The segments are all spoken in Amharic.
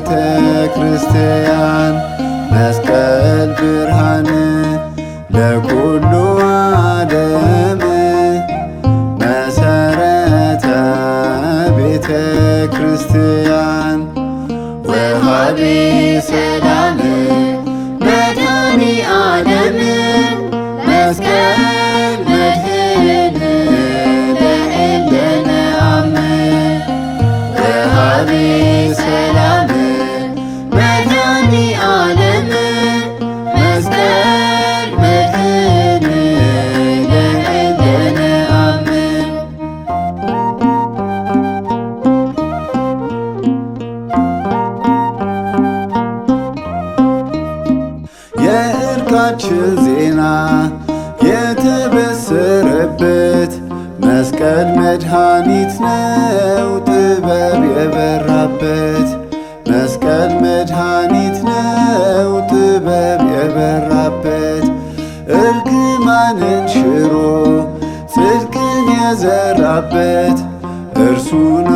ቤተ ክርስቲያን መስቀል ብርሃን ለኩሉ ዓለም መሰረተ ቤተ ክርስቲያን ወሃቢ ሰላም መድኃኒ ዓለም መስቀል የምስራች ዜና የተበሰረበት መስቀል መድኃኒት ነው ጥበብ የበራበት መስቀል መድኃኒት ነው ጥበብ የበራበት እርግማንን ሽሮ ጽድቅን የዘራበት እርሱን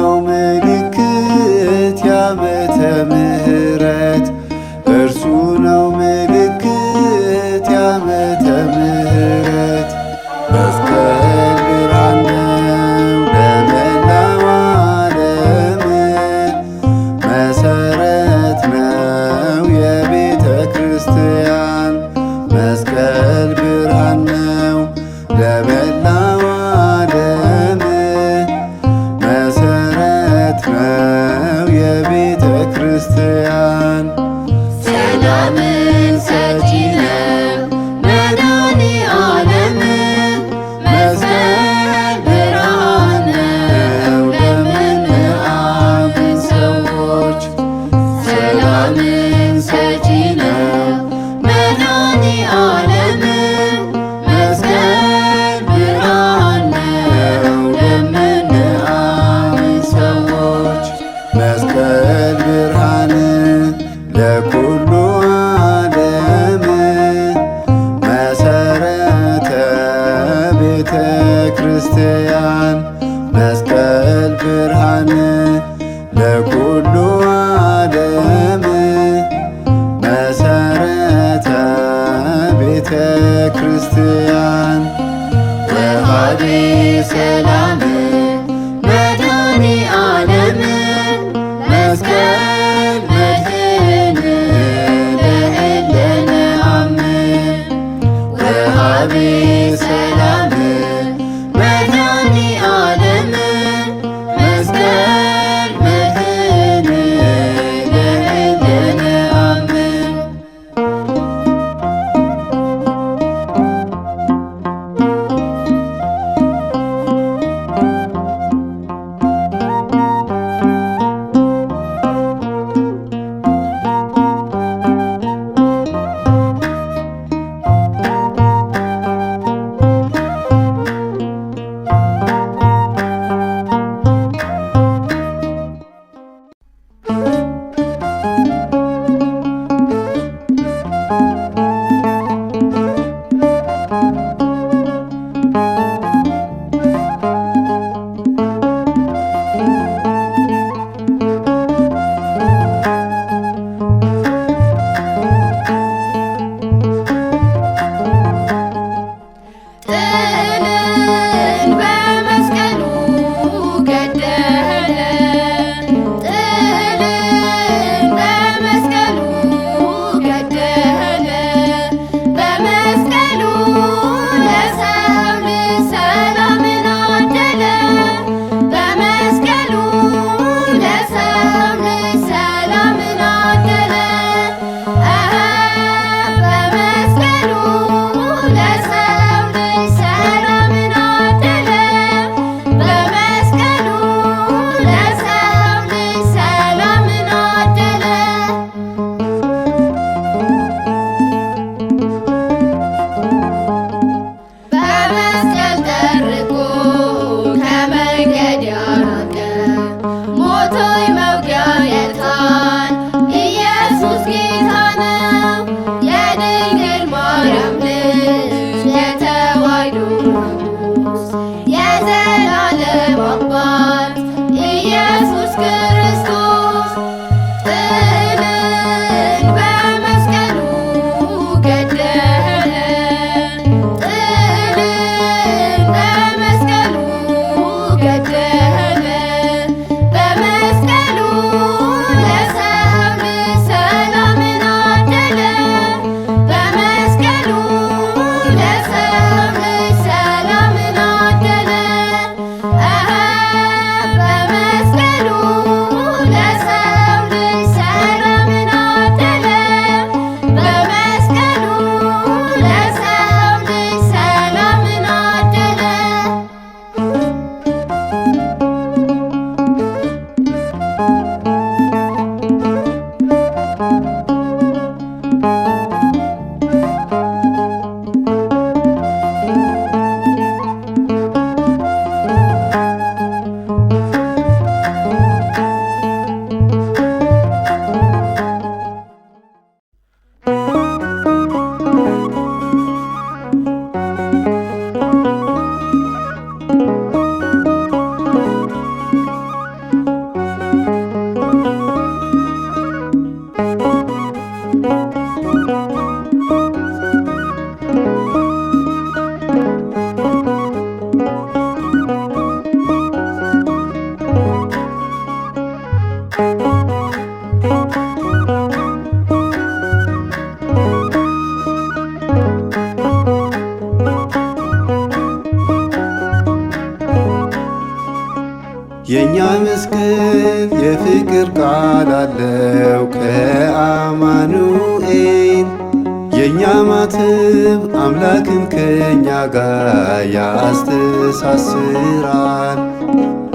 ያስተሳስራል።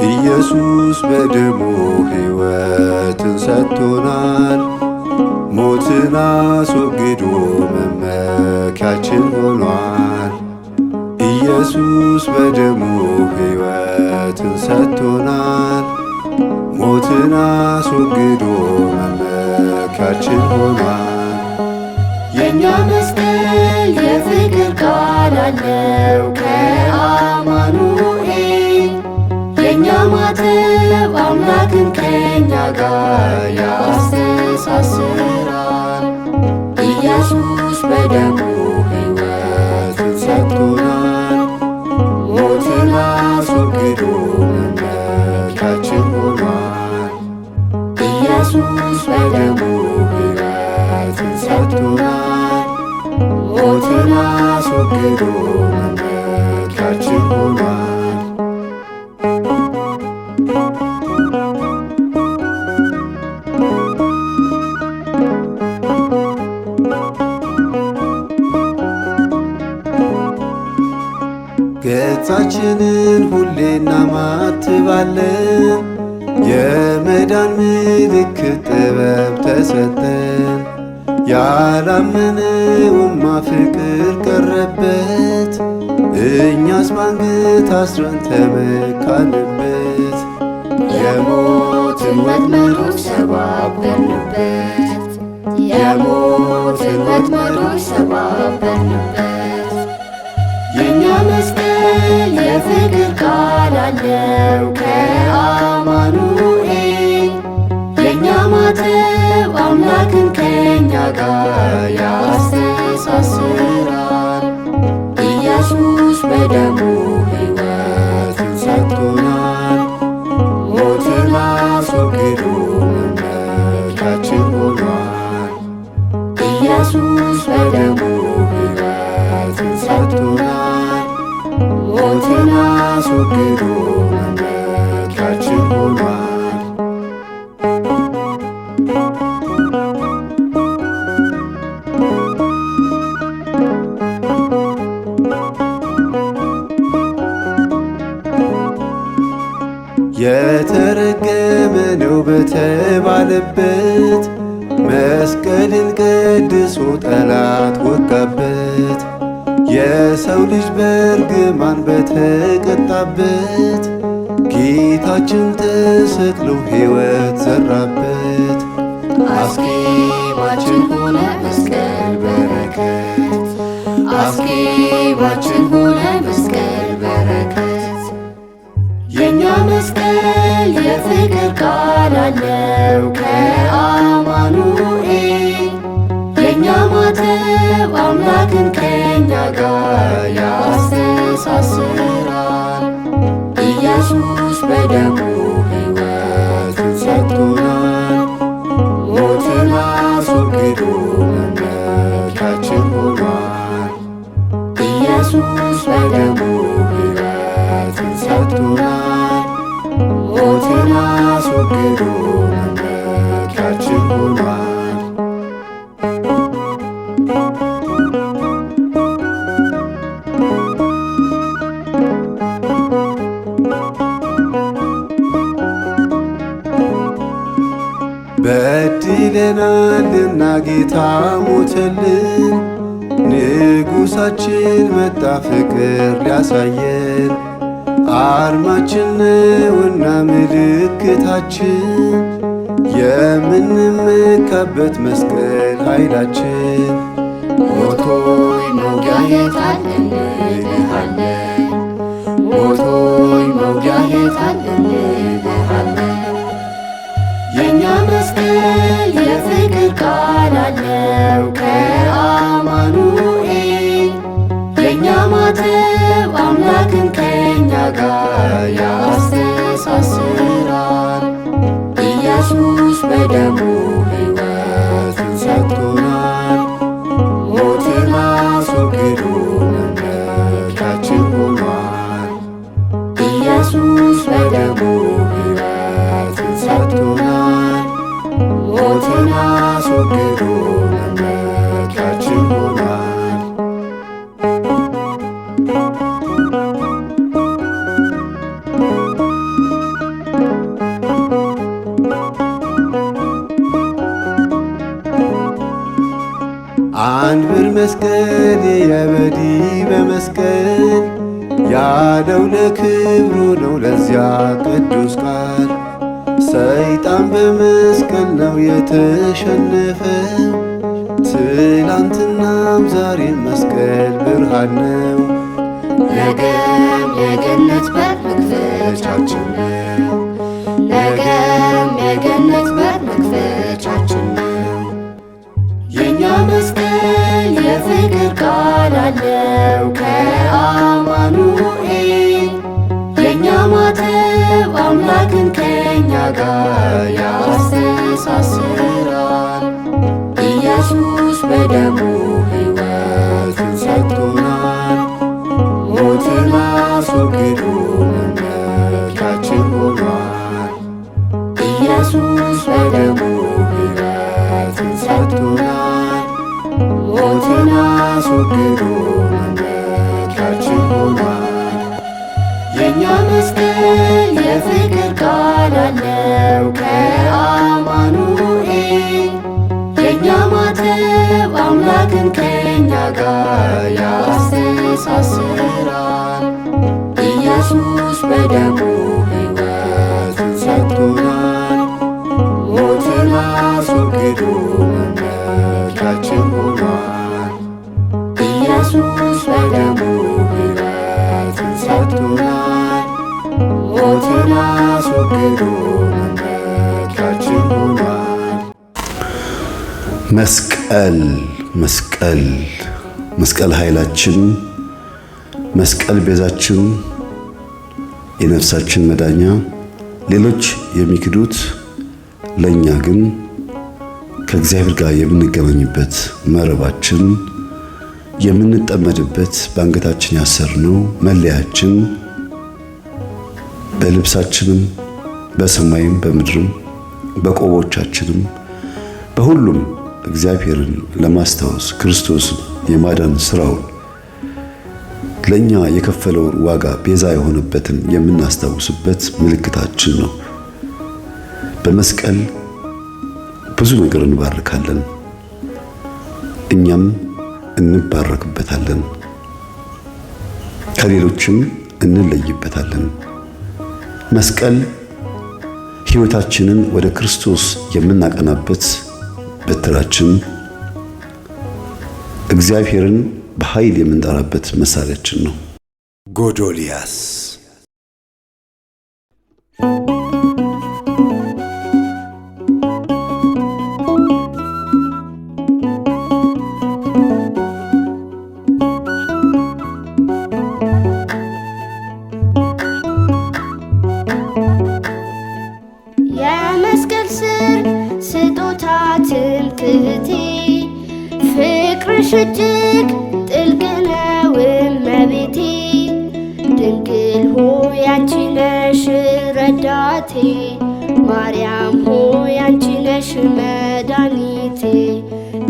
ኢየሱስ በደሙ ሕይወትን ሰጥቶናል። ሞትን አስወግዶ መመኪያችን ሆኗል። ኢየሱስ በደሙ ሕይወትን ሰጥቶናል። ሞትን አስወግዶ መመኪያችን ሆኗል። የእኛ መስቀል የፍቅር ቃል አለው ደሙ ሕይወትን ሰጥቶናል። ሞትን አስወግዶ መመኪያችን ሆኗል። ኢየሱስ በደሙ ሕይወትን ሰጥቶናል። ሞትን አስወግዶ ሰላም አትባልን የመዳን ምልክት ጥበብ ተሰጠን። ያላመነውማ ፍቅር ቀረበት፣ እኛስ ባንገት አስረን ተመካንበት። የሞትን ወጥመዶች ሰባበርንበት፣ የሞትን ወጥመዶች ሰባበርንበት አለው ከአማኑኤል የእኛ ማተብ አምላክን ከእኛ ጋር ያስተሳስራል። ኢየሱስ በደሙ ሕይወትን ሰጥቶናል፣ ሞትን አስወግዶ መመካችን ሆኗል። ኢየሱስ በደሙ ሕይወትን ሰጥቶናል ሞትን አስወግዶ ሆኗል ኢየሱስ በደሙ ሕይወትን ሰጥቶናል ሞትን አስወግዶ ጠላት ወጋበት። የሰው ልጅ በርግማን በተቀጣበት ጌታችን ተሰቅሎ ሕይወት ዘራበት። አስኬማችን ሆነ መስቀል በረከት አስኬማችን ሆነ መስቀል በረከት የእኛ መስቀል የፍቅር ቃል አለው ከአማኑ ሞትም አምላክን ከኛ ጋር ያስተሳስራል። ኢየሱስ በደሙ ሕይወትን ሰጥቶናል። ሞትን አስወግዶ መመኪያችን ሆኗል። ኢየሱስ በደሙ ሕይወትን ሰጥቶናል። ሞትን አስወግዶ መመኪያችን ሆኗል። ድነናልና ጌታ ሞተልን። ንጉሳችን መጣ ፍቅር ሊያሳየን። አርማችን ነውና ምልክታችን የምንመካበት መስቀል ኃይላችን ሞቶይ መውጊያ የታልን እንልሃለን ሞቶይ መውጊያ የታልን ቃል አለው ከአማኑኤል የእኛ ማተብ አምላክን ከእኛ ጋር ያስተሳስራል ኢየሱስ በደሙ ሰይጣን በመስቀል ነው የተሸነፈ ትላንትናም ዛሬ መስቀል ብርሃን ነው፣ ነገም የገነት በር መክፈቻችን ነው። ነገም የገነት በር መክፈቻችን ነው። የእኛ መስቀል የፍቅር ቃል አለው ከአማኑኤል የእኛ ማተብ አምላክን ከእኛ ጋር ያስተሳስራል። ኢየሱስ በደሙ ሕይወትን ሰጥቶናል። ሞትን አስወግዶ መመኪያችን ሆኗል። ኢየሱስ በደሙ ሕይወትን ሰጥቶናል። ሞትን አስወግዶ መመኪያችን ሆኗል። የእኛ መስቀል የፍ አምላክን ከኛ ጋር ያስተሳስራል። ኢየሱስ በደሙ ሕይወትን ሰጥቶናል። ሞትን አስወግዶ መመኪያችን ሆኗል። ኢየሱስ በደሙ ሕይወትን ሰጥቶናል። ሞትን አስወግዶ መስቀል መስቀል መስቀል ኃይላችን፣ መስቀል ቤዛችን፣ የነፍሳችን መዳኛ። ሌሎች የሚክዱት ለእኛ ግን ከእግዚአብሔር ጋር የምንገናኝበት መረባችን፣ የምንጠመድበት በአንገታችን ያሰርነው መለያችን፣ በልብሳችንም በሰማይም በምድርም በቆቦቻችንም በሁሉም እግዚአብሔርን ለማስታወስ ክርስቶስን የማዳን ስራውን ለእኛ የከፈለውን ዋጋ ቤዛ የሆነበትን የምናስታውስበት ምልክታችን ነው። በመስቀል ብዙ ነገር እንባርካለን፣ እኛም እንባረክበታለን፣ ከሌሎችም እንለይበታለን። መስቀል ሕይወታችንን ወደ ክርስቶስ የምናቀናበት በትራችን እግዚአብሔርን በኃይል የምንጠራበት መሳሪያችን ነው። ጎዶልያስ እጅግ ጥልቅ ነው እመቤቴ ድንግል ሆይ አንቺ ነሽ ረዳቴ ማርያም ሆይ አንቺ ነሽ መድኃኒቴ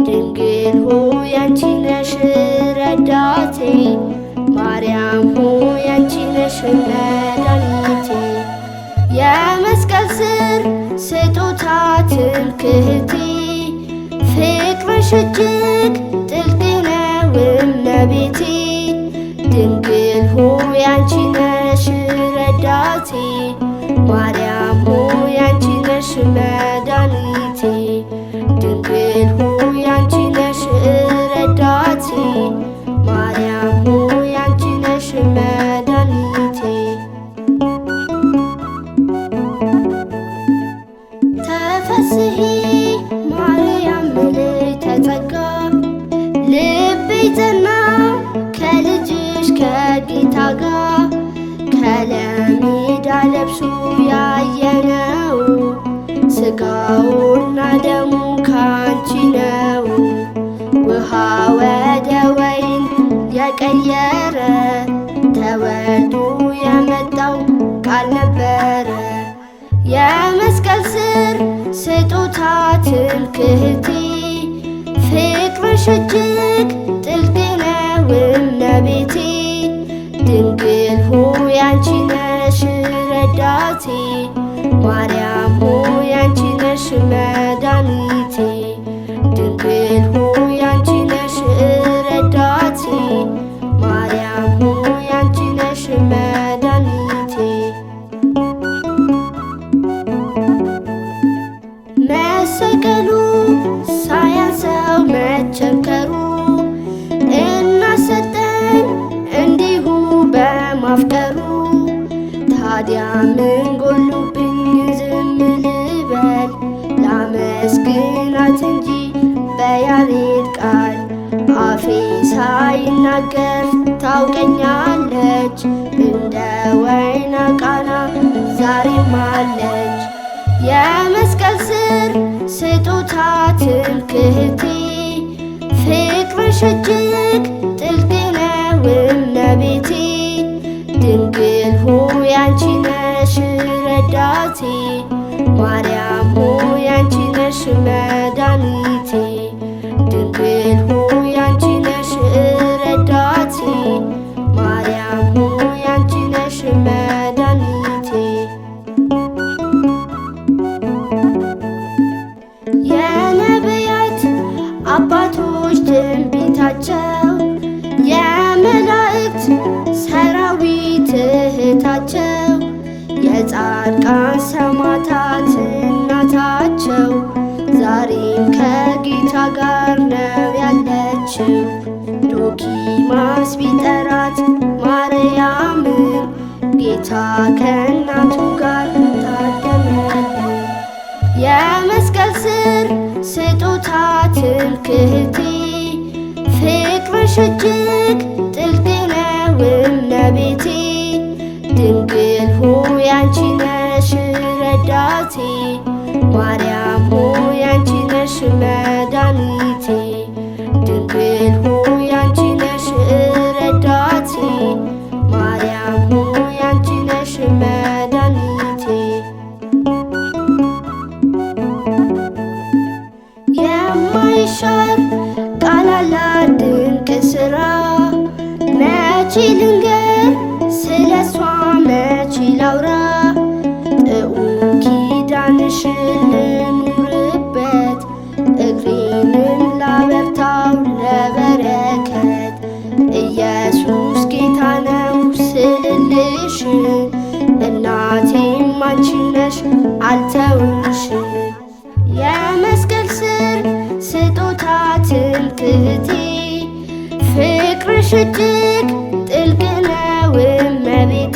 ድንግል ሆይ አንቺ ነሽ ረዳቴ ማርያም ሆይ አንቺ ነሽ መድኃኒቴ የመስቀል ስር ስጦታ ትምክህቴ ፍቅርሽ እጅግ ጥልቅ እመቤቴ ድንግል ሆይ አንቺ ነሽ ረዳቴ ማርያም ሆይ አንቺ ነሽ ስጋውና ደሙ ካንቺ ነው። ውሃ ወደ ወይን የቀየረ ተወልዶ የመጣው ቃል ነበረ። የመስቀል ስር ስጦታ ትምክህቴ ፍቅርሽ እጅግ ማመን ጎሎብኝ ዝም ልበል ላመስግናት እንጂ በያሬድ ቃል አፌ ሳይናገር ታውቀኛለች እንደ ወይና ቃና ዛሬም አለች የመስቀል ስር ስጦታ ትምክህቴ ፍቅርሽ እጅግ ጥልቅ ነው እመቤቴ ድንግል ሆይ አንቺ ረዳቴ ማርያም ሆይ አንቺ ነሽ መዳኔ ጻድቃን ሰማዕታት እናታቸው ዛሬም ከጌታ ጋር ነው ያለችው። ዶኪማስ ቢጠራት ማርያምን ጌታ ከእናቱ ጋር ታደመ። የመስቀል ስር ስጦታ ትምክህቴ ፍቅርሽ እጅግ ጥልቅ ነው እመቤቴ ድንግል ሆይ አንቺ ረዳቴ ማርያም ሆይ አንቺ ነሽ መድኃኒቴ፣ ድንግል ሆይ አንቺ ነሽ ረዳቴ፣ ማርያም ሆይ አንቺ ነሽ መድኃኒቴ። የማይሻር ቃል ድንቅ ስራ መቼ ልንገር ስለሷ መቼ ላውራ ፍቅርሽ እጅግ ጥልቅ ነው እመቤቴ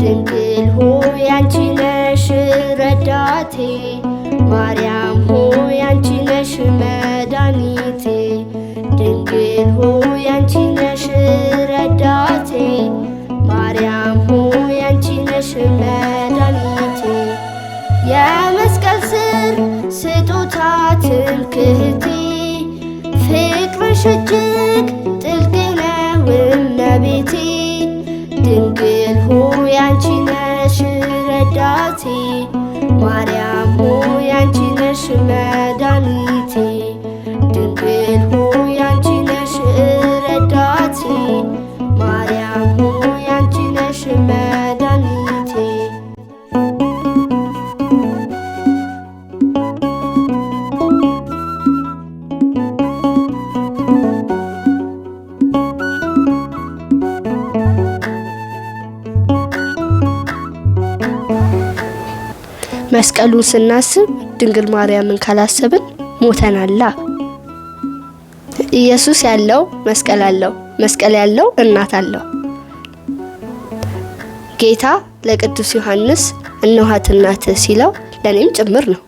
ድንግል ሆይ አንቺ ነሽ ረዳቴ ማርያም ሆይ አንቺ ነሽ መድኃኒቴ ድንግል ሆይ አንቺ ነሽ ረዳቴ ማርያም ሆይ አንቺ ነሽ መድኃኒቴ የመስቀል ስር ስጦታ ትምክህቴ ፍቅርሽ እጅግ እመቤቴ ድንግል ሆይ አንቺ ነሽ ረዳቴ ማርያም ሆይ አንቺ ነሽ መዳን መስቀሉን ስናስብ ድንግል ማርያምን ካላሰብን ሞተናላ። ኢየሱስ ያለው መስቀል አለው፣ መስቀል ያለው እናት አለው። ጌታ ለቅዱስ ዮሐንስ እነኋት እናት ሲለው ለእኔም ጭምር ነው።